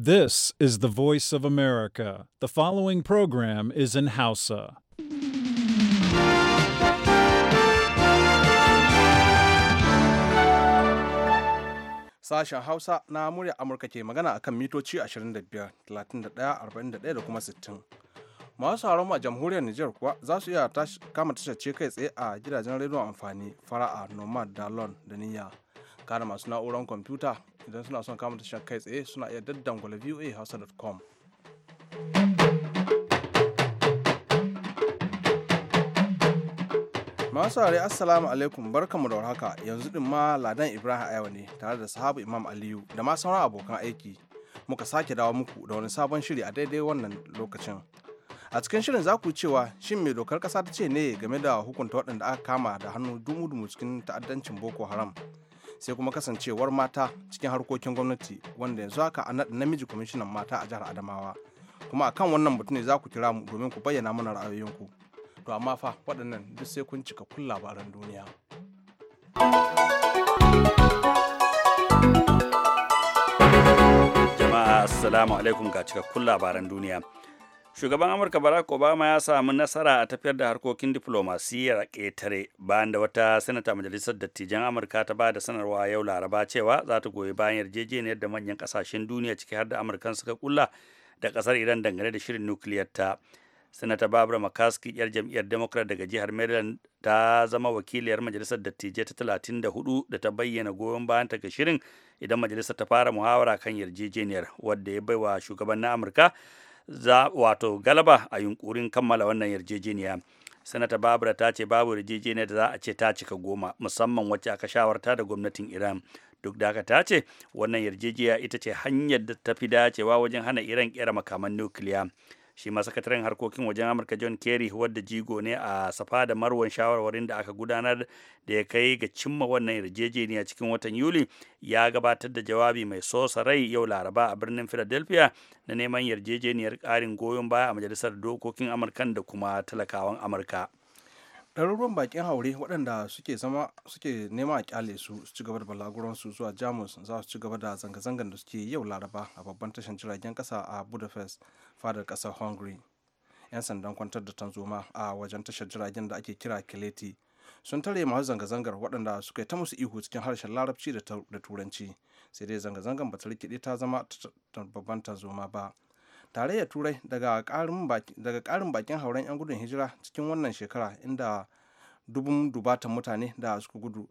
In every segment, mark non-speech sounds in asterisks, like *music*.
This is the voice of America. The following program is in Hausa. Sashen Hausa na murya Amurka ke magana akan mitoci 25, 31, 41 da kuma 60. Masu haramu a jamhuriyar Nijar kuwa za su iya kama tashar kai tsaye a gidajen rediyon amfani fara'a, nomad, dalon da niyya. Kana masu na'urar kwamfuta idan suna son kama tashar kai tsaye suna iya daddangula voa hausa.com masu rari assalamu alaikum barkamu da warhaka yanzu din ma ladan ibrahim ayawa ne tare da sahabu imam aliyu da ma sauran abokan aiki muka sake dawo muku da wani sabon shiri a daidai wannan lokacin a cikin shirin za ku cewa shin mai dokar kasa ta ce ne game da hukunta waɗanda aka kama da hannu dumu-dumu cikin ta'addancin boko haram sai kuma kasancewar mata cikin harkokin gwamnati wanda yanzu haka a naɗa namiji kwamishinan mata a jihar adamawa kuma akan wannan batu ne za ku kira mu domin ku bayyana mana ra'ayoyinku to amma fa waɗannan duk sai kun cika kun labaran duniya jama'a assalamu alaikum ga cikakkun labaran duniya shugaban amurka barack obama ya samu nasara a tafiyar da harkokin diflomasiyyar ƙetare bayan da wata sanata majalisar dattijan amurka ta ba da sanarwa yau laraba cewa za ta goyi bayan yarjejeniyar da manyan kasashen duniya ciki har da amurkan suka kulla da ƙasar iran dangane da shirin nukiliyar ta sanata barbara mccaskey yar jam'iyyar democrat daga jihar maryland ta zama wakiliyar majalisar dattijai ta 34 da ta bayyana goyon bayan ta ga shirin idan majalisar ta fara muhawara kan yarjejeniyar wadda ya baiwa shugaban na amurka za wato galaba a yunkurin kammala wannan yarjejeniya sanata babura ta ce babu yarjejeniyar da za a ce ta cika goma musamman wacce aka shawarta da gwamnatin iran duk da haka ta ce wannan yarjejeniya ita ce hanyar da ta fi dacewa wajen hana iran kera makaman nukiliya shi ma sakataren harkokin wajen amurka john kerry wadda jigo ne a safa da marwan shawarwarin da aka gudanar da ya kai ga cimma wannan yarjejeniya cikin watan yuli ya gabatar da jawabi mai sosa rai yau laraba a birnin philadelphia na neman yarjejeniyar karin goyon baya a majalisar dokokin amurka da kuma talakawan amurka ɗaruruwan bakin haure waɗanda suke zama suke nema a kyale su su ci gaba da balaguransu zuwa jamus za su ci gaba da zanga zangan da suke yau laraba a babban tashar jiragen ƙasa a budapest fadar kasar hungary yan sandan kwantar da tanzoma a wajen tashar jiragen da ake kira kileti sun tare masu zanga-zangar waɗanda suka yi ta musu ihu cikin harshen larabci da turanci sai dai zanga-zangar bata rikide ta zama babban tanzoma ba tare tarayyar turai daga ƙarin bakin hauren 'yan gudun hijira cikin wannan shekara inda dubun dubatan mutane da suka gudu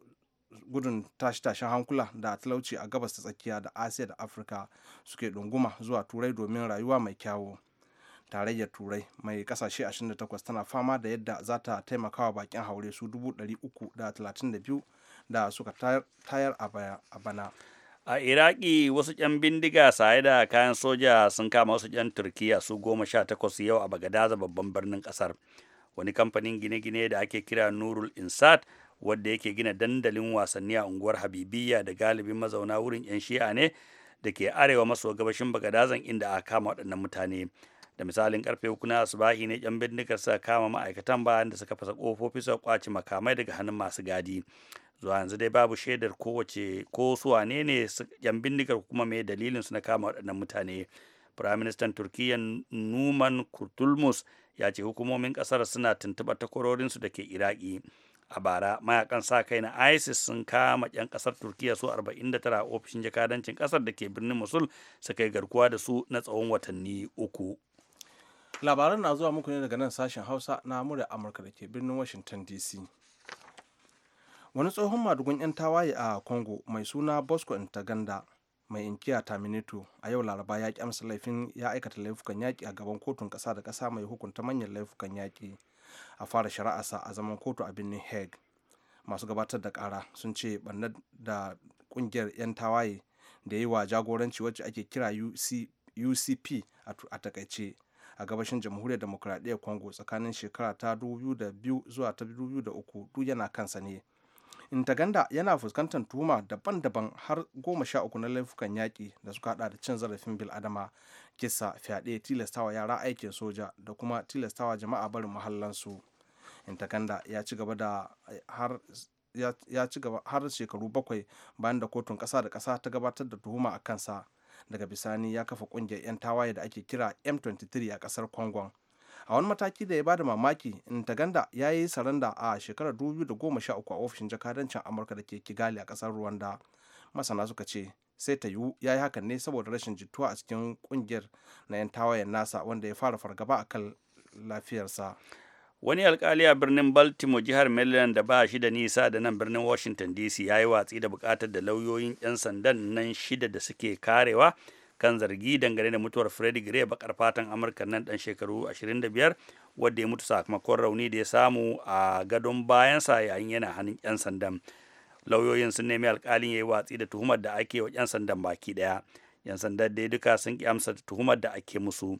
gudun tashe-tashen hankula da talauci a gabas ta tsakiya da asiya da afirka suke ɗunguma zuwa turai domin rayuwa mai kyawu tarayyar turai mai kasashe 28 tana fama da yadda za ta taimakawa bakin haure su 332 da suka tayar a bana a iraki wasu 'yan bindiga saye da kayan soja sun kama wasu 'yan turkiya su goma sha takwas yau a bagadaza babban birnin kasar wani kamfanin gine-gine da ake kira nurul insat wadda yake gina dandalin wasanni a unguwar habibiyya da galibin mazauna wurin 'yan shi'a ne da ke arewa maso gabashin bagadazan inda a kama waɗannan mutane da misalin karfe uku na asubahi ne yan bindigar suka kama ma'aikatan bayan da suka fasa kofofi suka kwace makamai daga hannun masu gadi zuwa yanzu dai babu shaidar kowace ko su wane ne yan bindigar kuma mai dalilin su na kama waɗannan mutane firaministan turkiyya numan kurtulmus ya ce hukumomin ƙasar suna tuntuɓar takwarorinsu da ke iraki a bara mayakan sa kai na isis sun kama 'yan ƙasar turkiyya su 49 a ofishin jakadancin ƙasar da ke birnin musul su kai garkuwa da su na tsawon watanni uku labaran na zuwa muku ne daga nan sashen hausa na murya amurka da ke birnin washington dc wani tsohon madugun 'yan tawaye a congo mai suna bosco intaganda mai inkiya taminito a yau laraba ya ƙi amsa laifin ya aikata laifukan yaƙi a gaban kotun ƙasa da ƙasa mai hukunta manyan laifukan yaƙi a fara shari'arsa a zaman kotu a birnin hague masu gabatar da kara sun ce ɓannar da kungiyar 'yan tawaye da yi wa jagoranci wacce ake kira ucp a takaice a gabashin jamhuriyar demokuraɗiyyar congo tsakanin shekara ta 2002 zuwa ta 2003 duk yana kansa ne intaganda yana fuskantar tuhuma daban-daban har goma sha uku na laifukan yaƙi da suka hada da cin zarafin bil'adama kisa fyaɗe tilastawa yara aikin soja da kuma tilastawa jama'a barin mahallansu intaganda ya ci gaba da har ya ci gaba har shekaru bakwai bayan da kotun ƙasa da ƙasa ta gabatar da tuhuma a kansa daga bisani ya kafa ƙungiyar 'yan tawaye da ake kira m23 a ƙasar congon a wani mataki da ya bada mamaki ntaganda ya yi saranda a shekarar 2013 a ofishin jakadancin amurka da ke kigali a kasar rwanda masana suka ce sai ta yiwu ya yi hakan ne saboda rashin jituwa a cikin kungiyar na 'yan tawayen nasa wanda ya fara fargaba a kan lafiyarsa wani alkali a birnin baltimore jihar maryland da ba shi da nisa da nan birnin washington dc ya yi watsi da bukatar da lauyoyin 'yan sandan nan shida da suke karewa kan zargi dangane da mutuwar Freddie Gray bakar fatan Amurka nan dan shekaru 25 wanda ya mutu sakamakon rauni da ya samu a gadon bayansa yayin yana hannun 'yan sandan. Lauyoyin sun nemi alkalin ya yi watsi da tuhumar da ake wa 'yan sandan baki daya. 'Yan sandan dai duka sun ki amsa tuhumar da ake musu.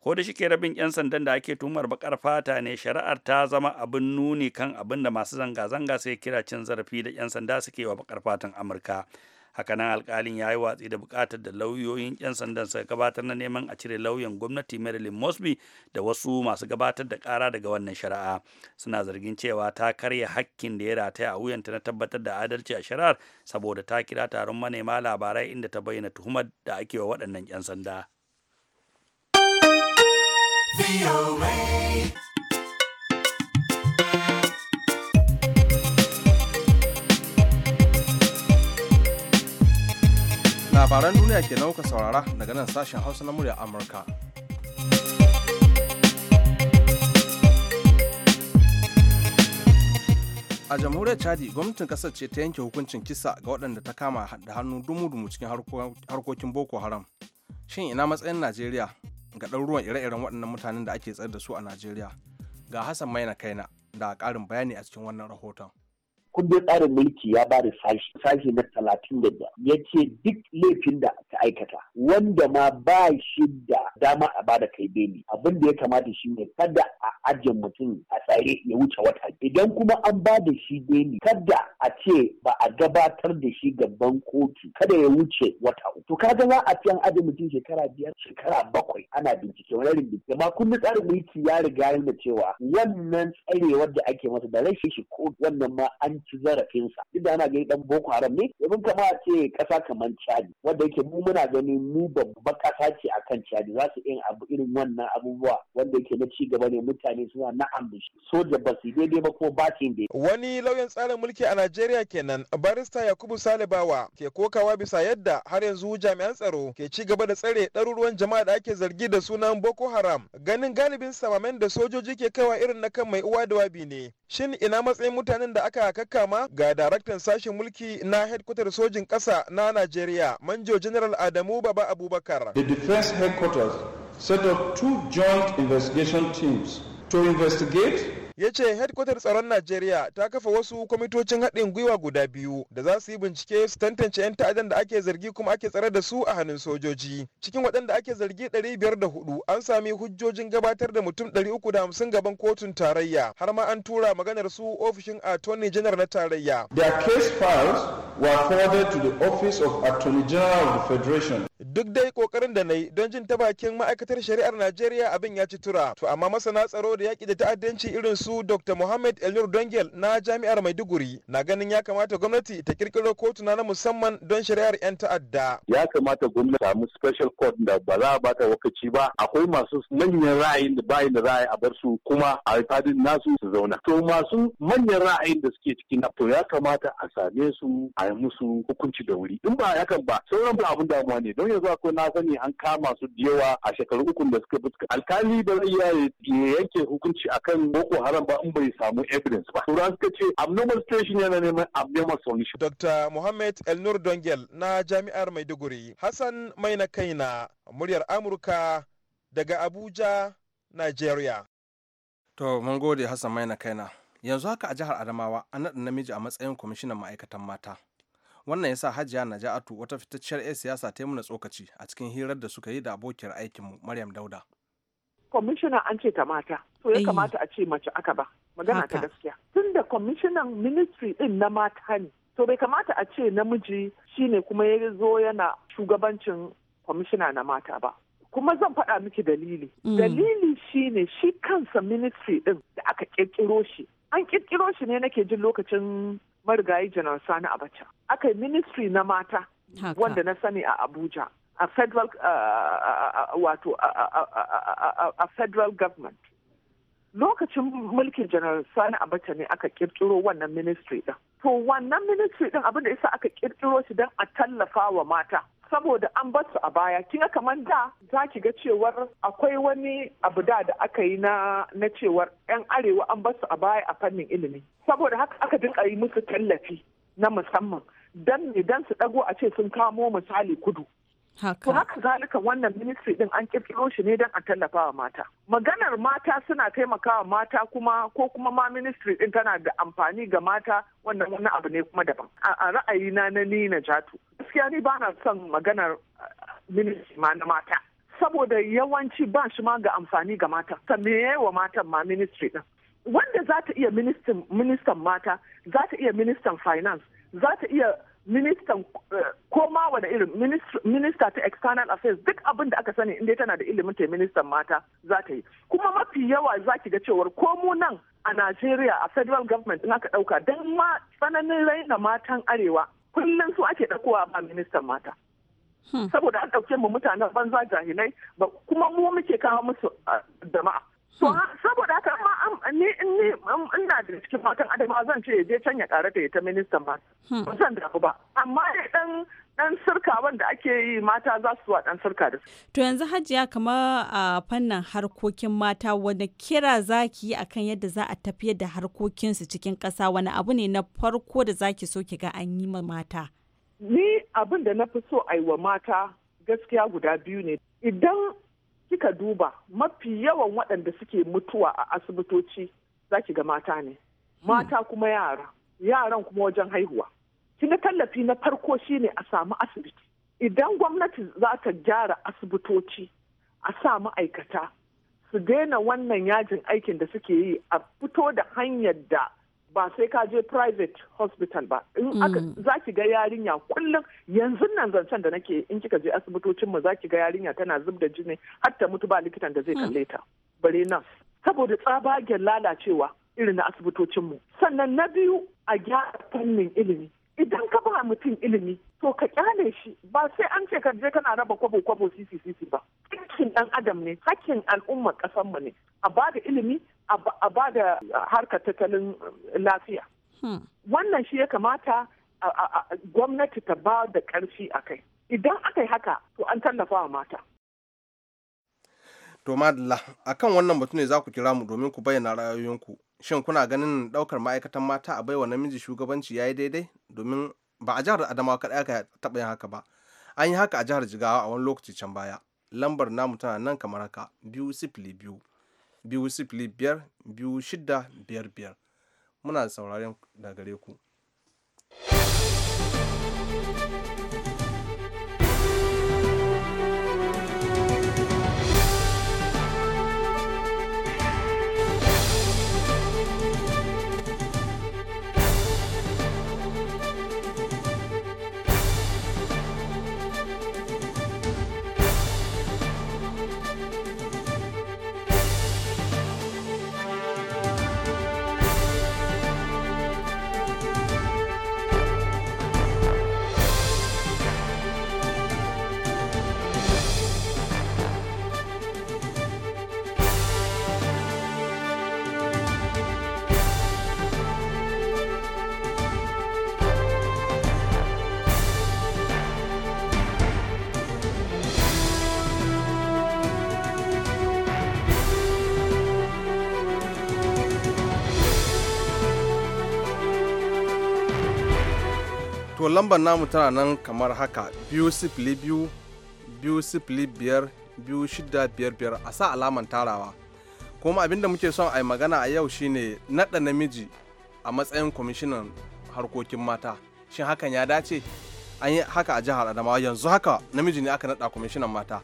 ko da shike rabin 'yan sandan da ake tuhumar bakar fata ne shari'ar ta zama abin nuni kan abin da masu zanga-zanga sai kira cin zarafi da 'yan sanda suke wa bakar fatan amurka haka nan alkalin ya yi watsi da bukatar da lauyoyin 'yan sandan suka gabatar na neman a cire lauyan gwamnati marilyn mosby da wasu masu gabatar da kara daga wannan shari'a suna zargin cewa ta karya hakkin da ya rataya a wuyanta na tabbatar da adalci a shari'ar saboda ta kira taron manema labarai inda ta bayyana tuhumar da ake wa waɗannan 'yan sanda. labaran duniya ke nauka saurara daga nan sashen hausa na murya amurka a jamhuriyar chadi gwamnatin kasar ce ta yanke hukuncin kisa ga waɗanda ta kama da hannu dumu-dumu cikin harkokin boko haram shin ina matsayin najeriya ga ɗaruruwan ire-iren waɗannan mutanen da ake tsayar da su a najeriya ga hassan maina kaina da ƙarin bayani a cikin wannan rahoton kundin tsarin mulki ya ba da sashi na talatin da biyar ya ce duk laifin da ta aikata wanda ma ba shi da dama a bada kai beli abin da ya kamata shi ne kada a ajiye mutum a tsare ya wuce wata idan kuma an ba da shi beli kada a ce ba a gabatar da shi gaban kotu kada ya wuce wata uku to kaga za a fiyan an ajiye mutum shekara biyar shekara bakwai ana bincike wani bincike amma kundin tsarin mulki ya riga yana cewa wannan tsarewar da ake masa da rashin shi ko wannan ma an ci zarafinsa duk da ana gani dan boko haram ne domin kama ce kasa kamar chadi wanda yake mu muna ganin mu babba kasa ce akan chadi za su yin abu irin wannan abubuwa wanda yake na ci gaba ne mutane suna na'am da soja ba su daidai ba ko ba su wani lauyan tsarin mulki a Najeriya kenan barista Yakubu Salibawa ke kokawa bisa yadda har yanzu jami'an tsaro ke ci gaba da tsare ɗaruruwan jama'a da ake zargi da sunan Boko Haram ganin galibin samamen da sojoji ke kaiwa irin na kan mai uwa da wabi ne Shin ina matsayin mutanen da aka kakkama ga daraktan sashen mulki na hedkwatar sojin ƙasa na Najeriya, Manjo General Adamu Baba Abubakar. The Defense Headquarters set up two joint investigation teams to investigate ya ce hedkwatar tsaron najeriya ta kafa wasu kwamitocin haɗin gwiwa guda biyu da za su yi bincike su tantance 'yan ta'addan da ake zargi kuma ake tsare da su a hannun sojoji cikin waɗanda ake zargi 504 an sami hujjojin gabatar da mutum 350 gaban kotun tarayya har ma an tura maganar su ofishin attorney general na tarayya their case files were forwarded to the office of attorney general of the federation duk dai kokarin da na don jin ta bakin ma'aikatar shari'ar najeriya abin ya ci tura to amma masana tsaro da yaƙi da ta'addanci irin su su dr mohammed elnur dongel na jami'ar maiduguri na ganin ya kamata gwamnati ta kirkiro kotuna na musamman don shari'ar 'yan ta'adda ya kamata gwamnati samu special court da ba za a bata wakaci ba akwai masu manyan ra'ayin da bayan da ra'ayi a bar su kuma a fadin nasu su zauna to masu manyan ra'ayin da suke cikin to ya kamata a same su a yi musu hukunci da wuri in ba hakan ba sauran ba abin damuwa ne don yanzu akwai na sani an kama su da yawa a shekaru uku da suka fuska alkali ba zai iya yanke hukunci akan boko haram wannan ba in bai samu evidence ba. Tura suka ce abnormal station yana neman abnormal solution. Dr. Mohammed Nur Dongel na Jami'ar Maiduguri, Hassan Maina Kaina, muryar Amurka daga Abuja, Nigeria. To, mun gode Hassan Maina Kaina. Yanzu haka a jihar Adamawa an naɗa namiji a matsayin kwamishinan ma'aikatan mata. Wannan ya sa Hajiya Naja'atu wata fitacciyar 'yar siyasa ta yi mana tsokaci a cikin hirar da suka yi da abokiyar aikinmu Maryam Dauda. kwamishina an ce ta mata to ya kamata a ce mace aka ba magana ta gaskiya tun da kwamishinan ministry din na mata ne to bai kamata a ce namiji shine kuma ya zo yana shugabancin kwamishina na mata ba kuma zan faɗa miki dalili mm. dalili shine shi kansa ministry din da aka kirkiro shi an kirkiro shi ne nake jin lokacin marigayi janar sani abacha aka yi ministry na mata wanda na sani a abuja a federal uh, uh, uh, wato a federal government lokacin mulkin general sani abacha ne aka kirkiro wannan ministry din to wannan ministry din abin da isa aka kirkiro shi don a tallafa wa mata saboda an basu a baya kinga kamar da za ki ga cewar akwai wani abu da da aka yi na na cewar yan arewa an basu a baya a fannin ilimi saboda haka aka dinka yi musu tallafi na musamman dan ne dan su dago a ce sun kamo misali kudu To haka zalika wannan ministry din an kirkiro shi ne don a tallafa wa mata. Maganar mata suna taimakawa mata kuma ko kuma ma ministry din tana da amfani ga mata wannan wani abu ne kuma daban. A ra'ayi na ni na jatu. Gaskiya ni ba na son maganar uh, ministry ma na mata. Saboda yawanci ba shi ma ga amfani ga mata. Ta me wa matan ma ministry din. Wanda za ta iya ministan mata, za ta iya ministan finance, za ta iya ministan eh, ko ma wani irin minista ta external affairs duk abin da aka sani inda tana da ilimin ta ministan mata za ta yi kuma mafi yawa za ki ga cewar ko mu nan a Najeriya a federal government in aka dauka don ma tsananin raina matan arewa kullum su ake dakowa ba ministan mata hmm. saboda an ɗauke mu mutanen banza jahilai kuma mu muke kawo musu ah, jama'a saboda haka amma ni ni ina da cikin fatan adama zan ce ya je can ya ƙara da ta ministan ba. Hmm. Ba zan dafu ba. Amma dan dan sirka wanda ake yi mata za su dan sirka da su. To yanzu Hajiya kamar a fannin harkokin mata wani kira za yi akan yadda za a tafiyar da harkokinsu cikin kasa wani abu ne na farko da zaki so ki ga an yi ma mata. Ni abin da na fi so ayi wa mata gaskiya guda biyu ne. Idan kika duba mafi yawan waɗanda suke mutuwa a asibitoci za ki ga mata ne hmm. mata kuma yara yaran kuma wajen haihuwa Kina tallafi na farko shi ne a samu asibiti idan gwamnati za ta gyara asibitoci a sa ma'aikata su daina wannan yajin aikin da suke yi a fito da hanyar da ba sai ka je private hospital ba in mm. aka za ki ga yarinya kullum yanzu nan zancen da nake in kika je asibitocinmu za ki ga yarinya tana zub da jini har ta mutu ba likitan da zai mm. kalle ta bare nan saboda tsabagen lalacewa irin na asibitocinmu sannan na biyu a gyara fannin ilimi idan ka ba mutum ilimi to ka kyale shi ba sai an ce ka je kana raba kwabo kwabo sisi sisi ba hakkin dan adam ne hakkin al'umma kasan mu ne a ba da ilimi a ba da uh, harkar tattalin uh, lafiya hmm. wannan shi ya kamata gwamnati ta ba da karfi a kai idan aka yi haka to an tallafa wa mata to madalla akan wannan batu ne za ku kira mu domin ku bayyana ra'ayoyinku shin kuna ganin daukar ma'aikatan mata a baiwa namiji shugabanci ya yi daidai domin ba a jihar adamawa kaɗai aka taɓa yin haka ba an yi haka a jihar jigawa a wani lokaci can baya lambar namu tana nan kamar haka biyu sifili biyu biyu sifili biyar biyu shida biyar biyar muna sauraren da gare ku to lambar namu tana nan kamar haka biyu sifili biyu biyu sifili biyar biyu shida biyar biyar a sa alaman tarawa kuma abinda muke son a yi magana a yau shine naɗa namiji a matsayin kwamishinan harkokin mata shin hakan ya dace an yi haka a jihar adamawa yanzu haka namiji ne aka naɗa kwamishinan mata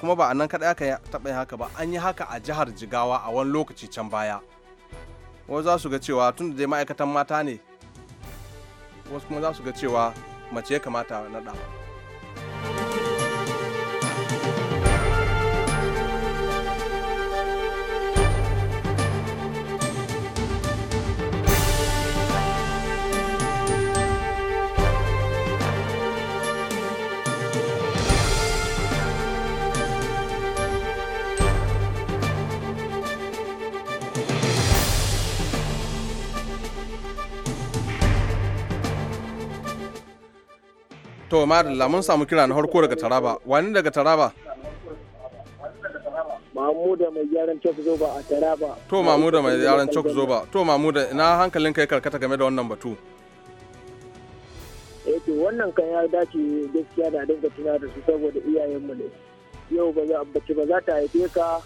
kuma ba a nan kaɗai aka taɓa yin haka ba an yi haka a jihar jigawa a wani lokaci can baya wasu za su ga cewa tun da dai ma'aikatan mata ne wasu kuma za su ga cewa mace ya kamata naɗa To madalla mun samu kira na harko daga Taraba. Wani daga Taraba? da mai gyaran cok zoba a Taraba. To Mamuda mai gyaran cok zoba. To Mamuda ina hankalin kai karkata game da wannan batu. Eh to wannan kan ya dace gaskiya da dinga tuna da su saboda iyayenmu ne. Yau ba za bace ba za ta haife ka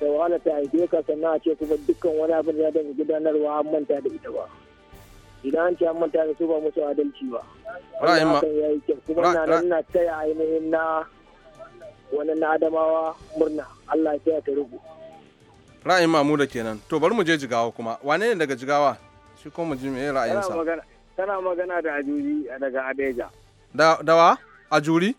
da wahala ta haife ka sannan a ce kuma dukkan wani abin da ya dinga gudanarwa an manta da ita ba. idan an ce an manta da su ba musu adalci ba ra'ayin ma kuma na nan na taya ainihin na wani na adamawa murna Allah ya taya ta rubu ra'ayin mamuda kenan to bari mu je jigawa kuma wane ne daga jigawa shi kuma mu ji me ra'ayinsa tana magana da ajuri daga adeja da dawa ajuri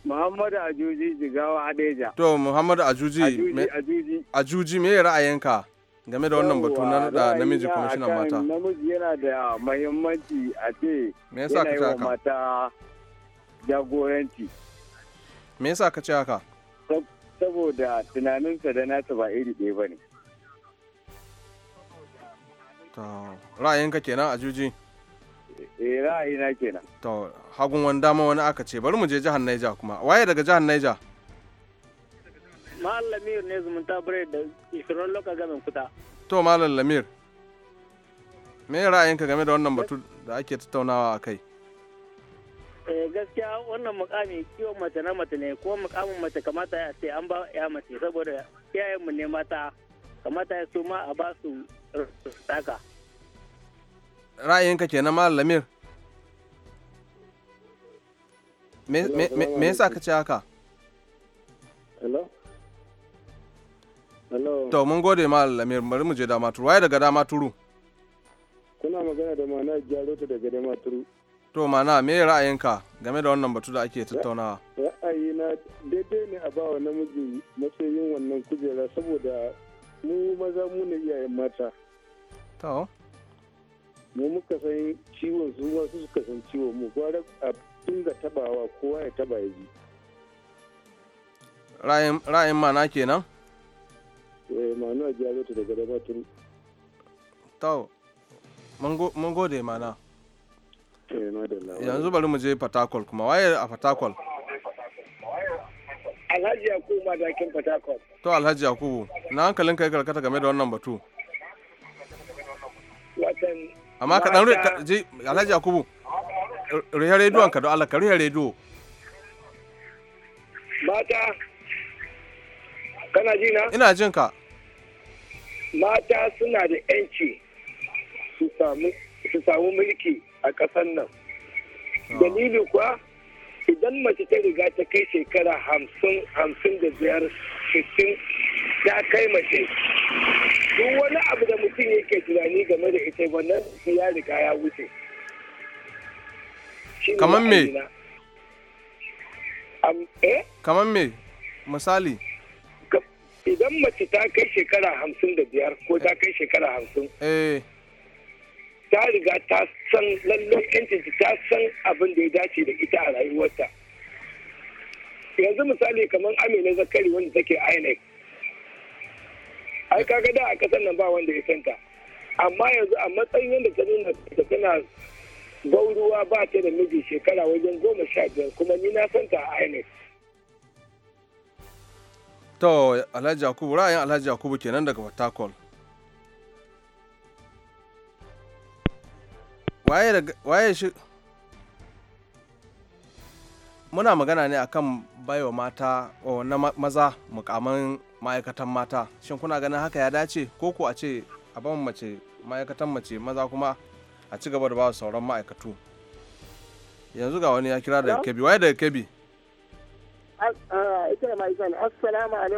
Muhammadu Ajuji jigawa Adeja. To Muhammadu Ajuji. Ajuji. Ajuji me ra'ayinka? game da wannan batu na da namiji kuma kwamishinan mata namiji yana da mahimmanci a ce me yasa ka ce haka mata jagoranci me yasa ka ce haka saboda tunaninsa da nata ba iri ɗaya bane to ra'ayinka kenan a juji eh ra'ayina kenan to hagun wani dama wani aka ce bari mu je jihar Niger kuma waye daga jihar Niger Malam Lamir ne zumunta bire da ishirin loka gamin kuta. To Malam Lamir, me ra'ayinka game da wannan batu da ake tattaunawa a kai? Eh, gaskiya wannan mukami kiwon mace na mace ne ko mukamin mace kamata ya ce an ba ya mace saboda iyayenmu ne mata kamata ya su ma a ba su taka. Ra'ayinka na Malam Lamir? Me yasa ka ce haka? To mun gode ma Lamir bari mu je dama turu. Waye daga dama turu? Kuna magana da mana gyaro ta daga dama turu. To mana me ra'ayinka game da wannan batu da ake tattaunawa? Ra'ayina daidai ne a wa namiji matsayin wannan kujera saboda mu maza mu ne iyayen mata. To. Mu muka san ciwon su wasu suka san ciwon mu gwara a dinga tabawa kowa ya taba ya ji. Ra'ayin mana kenan? Eh, Manuwa ajiya ta daga Damaturu. Tau, mun gode mana. Eh, Yanzu bari mu je Fatakwal kuma waye a Fatakwal. Alhaji Yakubu madakin Fatakwal. To Alhaji Yakubu, na hankalin kai karkata game da wannan batu. Amma ka dan je Alhaji Yakubu. Rihe rediyon ka don Allah ka rihe rediyo. Mata, kana ji na? Ina jin ka. mata suna da 'yanci su samu mulki a ƙasar nan ah. dalili kuwa idan mace ta riga ta kai shekara hamsin hamsin da biyar sittin ta kai mace duk wani abu da mutum yake tunani game da ita wannan ya riga ya wuce kamar me eh? kamar me misali idan mace ta kai shekara hamsin da biyar ko ta kai shekara hamsin eh. ta riga ta san lallon yancinta ta san abin da ya dace da ita a rayuwarta yanzu misali kamar amina zakari wanda take inec ai kaga da a kasar nan ba wanda ya santa amma yanzu a matsayin yadda ta nuna da tana gauruwa ba ta da miji shekara wajen goma sha biyar kuma ni na santa a inec to alhaji yakubu ra'ayin alhaji yakubu kenan daga fatakol waye shi muna magana ne akan baiwa mata na maza mukaman ma'aikatan mata shin kuna ganin haka ya dace ko ko a ce a ban mace ma'aikatan mace maza kuma a ci gaba da ba sauran ma'aikatu yanzu ga wani ya kira daga kebi waye daga kebi Uh, ita sashen hausa na wani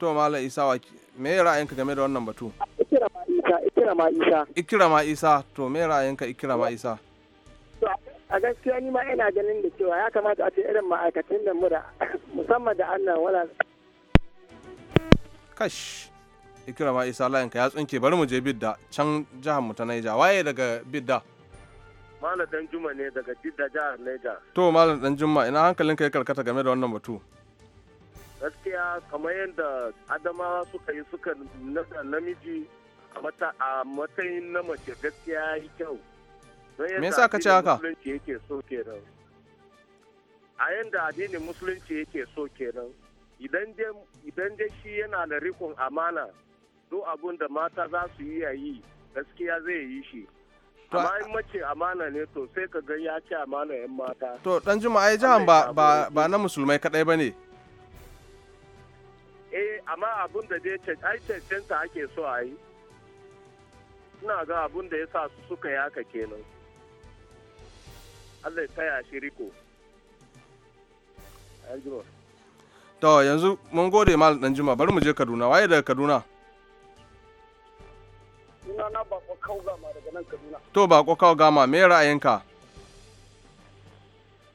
wa alaikum wa me ra'ayinka ikira ma isa ikira ma isa ikira ma isa to ikira ma isa a gaskiya ni ma ina ganin da cewa ya kamata a ce irin ma'aikatan da mu da *coughs* musamman da annan wala kash ikira ma isa layinka ya tsunke bari mu je bidda can jihar mu ta naija waye daga bidda Malam juma ne daga Jidda jihar Niger. To Malam juma ina hankalin ka ya karkata game da wannan batu. Gaskiya kamar yadda Adamawa suka yi suka nasa namiji a matsayin na mace gaskiya ya yi kyau. Me yasa ka ce haka? yake so kenan. A yadda addinin musulunci yake so kenan. Idan dai shi yana da rikon amana, duk abun da mata za su yi yayi gaskiya zai yi shi. amma in mace amana ne to sai ka ga ya ci amana yan mata to dan juma'a ai jihan ba ba na musulmai kadai bane eh amma abun da dai ce ai cancanta ake so ai ina ga abun da yasa su suka yaka kenan Allah ya taya shi riko to yanzu mun gode malam dan juma bari mu je kaduna waye daga kaduna To na bako kawo gama daga nan kaduna to bako kawo gama me ra'ayinka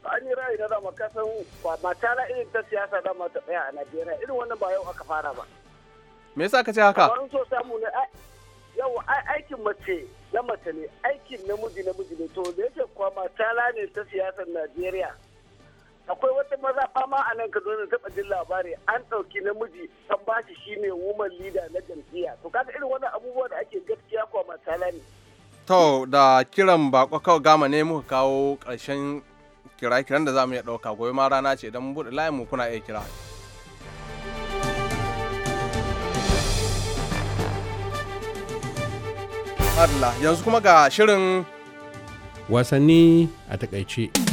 an yi ra'ayi na dama kasan ba mata irin ta siyasa dama ta tsaya a najeriya irin wannan ba yau aka fara ba me yasa ka ce haka kamar so samu ne yau aikin mace na mace ne aikin namiji namiji ne to da yake kwa mata ne ta siyasar najeriya akwai wata maza fama a nan kaduna taɓa jin labari an ɗauki namiji an ba shi shine woman leader na jam'iyya to kaga irin wannan abubuwa da ake gaskiya kuwa matsala ne to da kiran bako kawai gama ne muka kawo ƙarshen kira-kiran da za mu iya ɗauka gobe ma rana ce idan buɗe layin mu kuna iya kira Allah yanzu kuma ga shirin wasanni a takaice.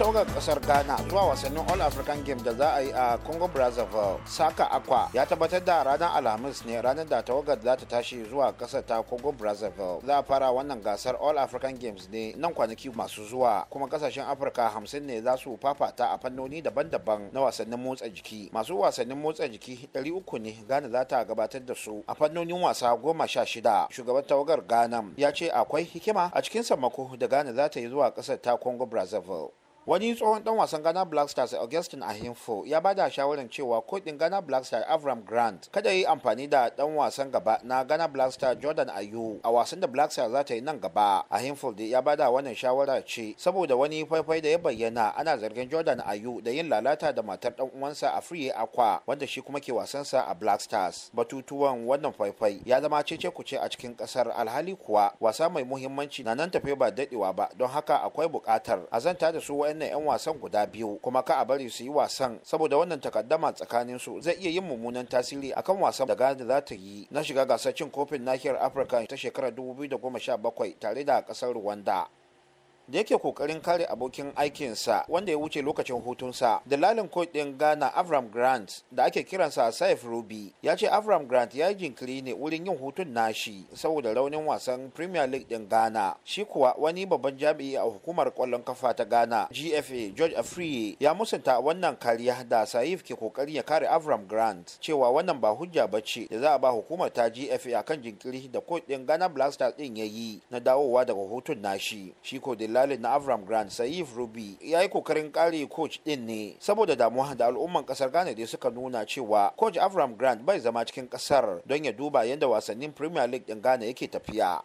tawagar kasar ghana zuwa wasannin all african games da za a yi a congo brazzaville saka akwa ya tabbatar da ranar alhamis ne ranar da tawagar za ta tashi zuwa kasar ta congo brazzaville za a fara wannan gasar all african games ne nan kwanaki masu zuwa kuma kasashen afirka hamsin ne za su fafata a fannoni daban-daban na wasannin motsa jiki masu wasannin motsa jiki ɗari uku ne ghana za ta gabatar da su a fannonin wasa goma sha shida shugaban tawagar ghana ya ce akwai hikima a cikin sammako da ghana za ta yi zuwa kasar ta congo brazzaville wani tsohon dan wasan ghana black stars augustin ahimfo ya ba da shawarar cewa kodin ghana black stars avram grant kada yi amfani da dan wasan gaba na ghana black stars jordan ayu a wasan da black stars za ta yi nan gaba ahimfo da ya ba da wannan shawara ce saboda wani faifai da ya bayyana ana zargin jordan ayu da yin lalata da matar dan uwansa a free akwa wanda shi kuma ke wasansa a black stars batutuwan wannan faifai ya zama cece kuce a cikin kasar alhali kuwa wasa mai muhimmanci na nan tafe ba dadewa ba don haka akwai bukatar a zanta da su wayannan 'yan wasan guda biyu kuma ka a bari su yi wasan saboda wannan takaddama tsakanin su zai iya yin mummunan tasiri akan wasan da Ghana za ta yi na shiga gasar cin kofin nahiyar Afirka ta shekarar 2017 tare da kasar Rwanda. da yake kokarin kare abokin aikinsa wanda ya wuce lokacin hutunsa dalalin coach din ghana avram grant da ake kiransa saif ruby ya ce avram grant ya yi jinkiri ne wurin yin hutun nashi saboda raunin wasan premier league din ghana shi kuwa wani babban jami'i a hukumar kwallon kafa ta ghana gfa george afriye ya musanta wannan kariya da saif ke kokarin ya kare avram grant cewa wannan ba hujja ba ce da za a ba hukumar ta gfa akan jinkiri da coach din ghana blasters din ya yi na dawowa daga hutun nashi shi ko lalin na avram grant saif rubi ya yi kokarin kare coach din ne saboda damuwa da al'umman kasar ghana da suka nuna cewa coach avram grant bai zama cikin kasar don ya duba yadda wasannin premier league din ghana yake tafiya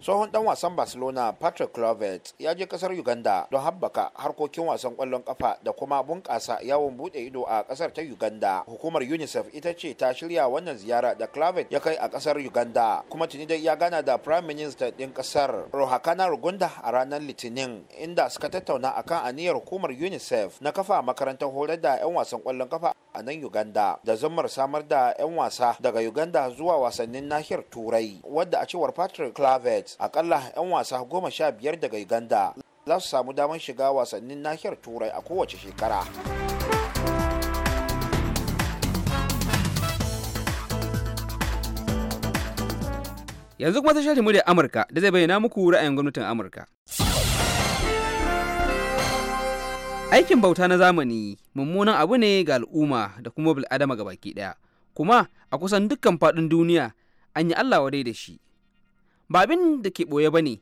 tsohon dan wasan barcelona patrick clovet ya je kasar uganda don haɓaka harkokin wasan ƙwallon ƙafa da kuma bunƙasa yawon buɗe ido a ƙasar ta uganda hukumar unicef ita ce ta shirya wannan ziyara da clovet ya kai a ƙasar uganda kuma tuni dai ya gana da prime minister ɗin ƙasar rohakana rugunda a ranar litinin inda suka tattauna akan aniyar hukumar unicef na kafa makarantar horar da 'yan wasan kwallon ƙafa a nan uganda da zammar samar da 'yan wasa daga uganda zuwa wasannin nahiyar turai wadda a cewar patrick clavet akalla 'yan wasa goma sha biyar daga uganda za su samu damar shiga wasannin nahiyar turai a kowace shekara yanzu kuma ta shafi amurka da zai bayyana muku ra'ayin gwamnatin amurka aikin bauta na zamani mummunan abu ne ga al'umma da kuma bil'adama ga baki ɗaya, kuma a kusan dukkan faɗin duniya an yi allah wadai da shi ba abin da ke ɓoye ba ne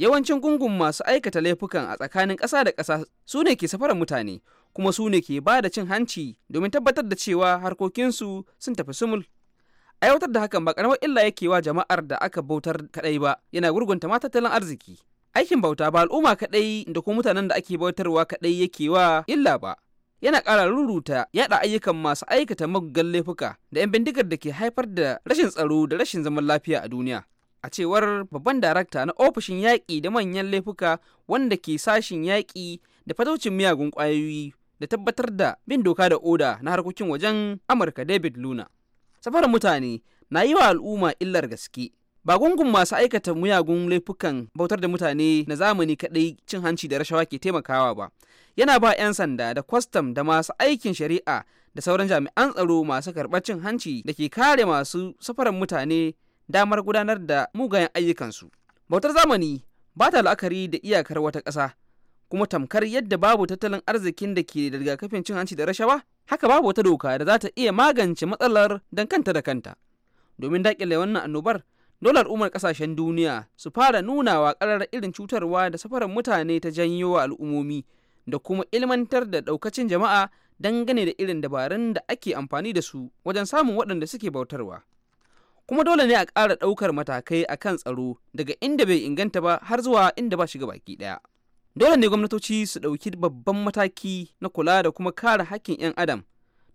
yawancin gungun masu aikata laifukan a tsakanin ƙasa da ƙasa su ne ke safarar mutane kuma su ne ke ba da cin hanci domin tabbatar da cewa harkokinsu sun tafi sumul aiwatar da hakan ba karamar illa yake wa jama'ar da aka bautar kaɗai ba yana gurgunta ma tattalin arziki aikin bauta ba al'umma kaɗai da kuma mutanen da ake bautarwa kadai yake wa illa ba yana ƙara ruruta yada ayyukan masu aikata magugan laifuka da 'yan bindigar da ke haifar da rashin tsaro da rashin zaman lafiya a duniya a cewar babban darakta na ofishin yaƙi da manyan laifuka wanda ke sashin yaƙi da fataucin miyagun ƙwayoyi da tabbatar da bin doka da oda na harkokin wajen amurka david luna safarar mutane na yi wa al'umma illar gaske ba gungun masu aikata miyagun laifukan bautar da mutane na zamani kaɗai cin hanci da rashawa ke taimakawa ba yana ba 'yan sanda da kwastam da masu aikin shari'a da sauran jami'an tsaro masu karɓar cin hanci da ke kare masu safarar mutane damar gudanar da mugayen ayyukansu bautar zamani ba ta la'akari da iyakar wata ƙasa kuma tamkar yadda babu tattalin arzikin da ke da rigakafin cin hanci da rashawa haka babu wata doka da za ta iya magance matsalar don kanta da kanta domin daƙile wannan annobar dole al'ummar ƙasashen duniya su fara nunawa ƙarar irin cutarwa da safarar mutane ta janyo wa al'ummomi da kuma ilmantar da ɗaukacin jama'a dangane da irin dabarun da ake amfani da su wajen samun waɗanda suke bautarwa. kuma dole ne a ƙara ɗaukar matakai a kan tsaro daga inda bai inganta ba har zuwa inda ba shiga baki ɗaya. Dole ne gwamnatoci su ɗauki babban mataki na kula da kuma kare hakkin 'yan adam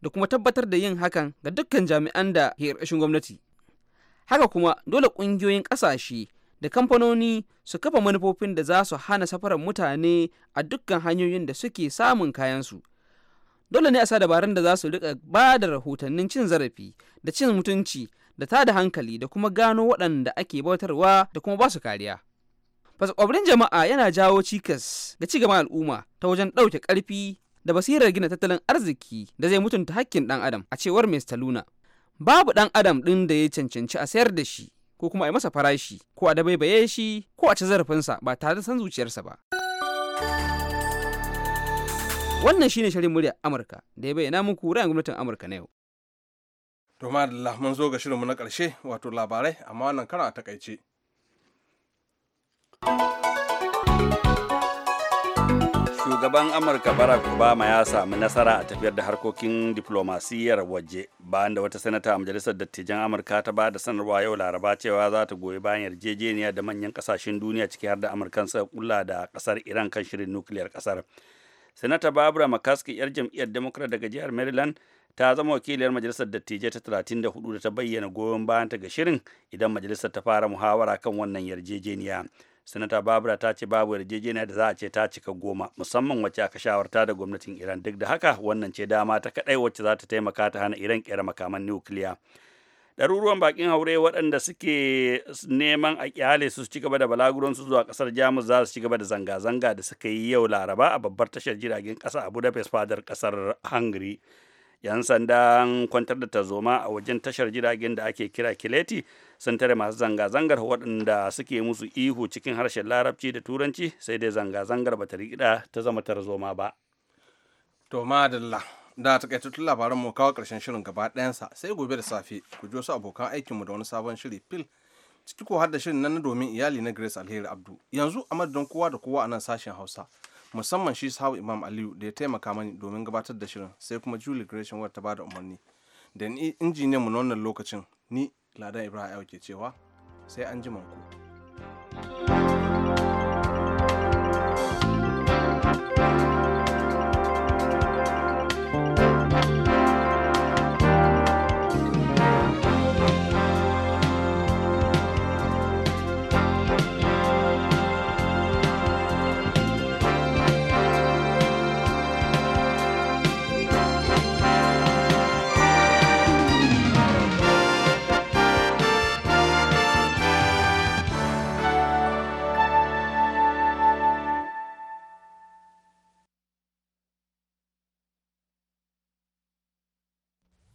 da kuma tabbatar da yin hakan ga dukkan jami'an da ke ƙarƙashin gwamnati. Haka kuma dole ƙungiyoyin ƙasashe da kamfanoni su kafa manufofin da za su hana safarar mutane a dukkan hanyoyin da suke samun kayansu. Dole ne a sa dabarun da za su riƙa ba da rahotannin cin zarafi da cin mutunci da ta da hankali da kuma gano waɗanda ake bautarwa da kuma basu kariya. Fasakwabrin jama'a yana jawo cikas ga ci cigaban al'umma ta wajen ɗauke ƙarfi da basirar gina tattalin arziki da zai mutunta hakkin ɗan adam a cewar Mr. Luna. Babu ɗan adam ɗin da ya cancanci a sayar da shi ko kuma a yi masa farashi ko a dabaibaye shi ko a ci zarafinsa ba tare da san zuciyarsa ba. Wannan shine shirin muryar Amurka da ya bayyana muku ra'ayin gwamnatin Amurka na yau. Domin da mun zo ga shirinmu na ƙarshe wato labarai amma wannan karan a takaice. Shugaban Amurka Barack Obama ya samu nasara a tafiyar da harkokin diplomasiyyar waje bayan da wata sanata a majalisar dattijan Amurka ta ba da sanarwa yau laraba cewa za ta goyi bayan yarjejeniya da manyan kasashen duniya ciki har da Amurkan sa kula da kasar Iran kan shirin nukiliyar kasar. Sanata Barbara McCaskey yar jam'iyyar Democrat daga jihar Maryland ta zama wakiliyar majalisar dattijai ta 34 da ta bayyana goyon bayan ta ga shirin idan majalisar ta fara muhawara kan wannan yarjejeniya sanata babura ta ce babu yarjejeniya da za a ce ta cika goma musamman wacce aka shawarta da gwamnatin iran duk da haka wannan ce dama ta kadai wacce za ta taimaka ta hana iran kera makaman nukiliya ɗaruruwan bakin haure waɗanda suke neman a kyale su ci gaba da su zuwa kasar jamus za su ci gaba da zanga-zanga da suka yi yau laraba a babbar tashar jiragen kasa a budapest fadar kasar hungary 'yan sandan kwantar da tazoma a wajen tashar jiragen da ake kira kileti sun tare masu zanga-zangar waɗanda suke musu ihu cikin harshen larabci da turanci sai dai zanga-zangar ba ta rikida ta zama tarzoma ba to madalla da ta tun labaran mu kawo ƙarshen shirin gaba ɗayansa sai gobe da safe ku ji wasu abokan mu da wani sabon shiri fil ciki ko har da shirin nan domin iyali na grace alheri abdu yanzu a madadin kowa da kowa a nan sashen hausa musamman shi sahabu imam aliyu da ya taimaka mani domin gabatar da shirin sai kuma julie gresham wadda ta bada umarni da ni injiniyan mu na wannan lokacin ni ladan ibrahim ke cewa sai an ji ku. thank you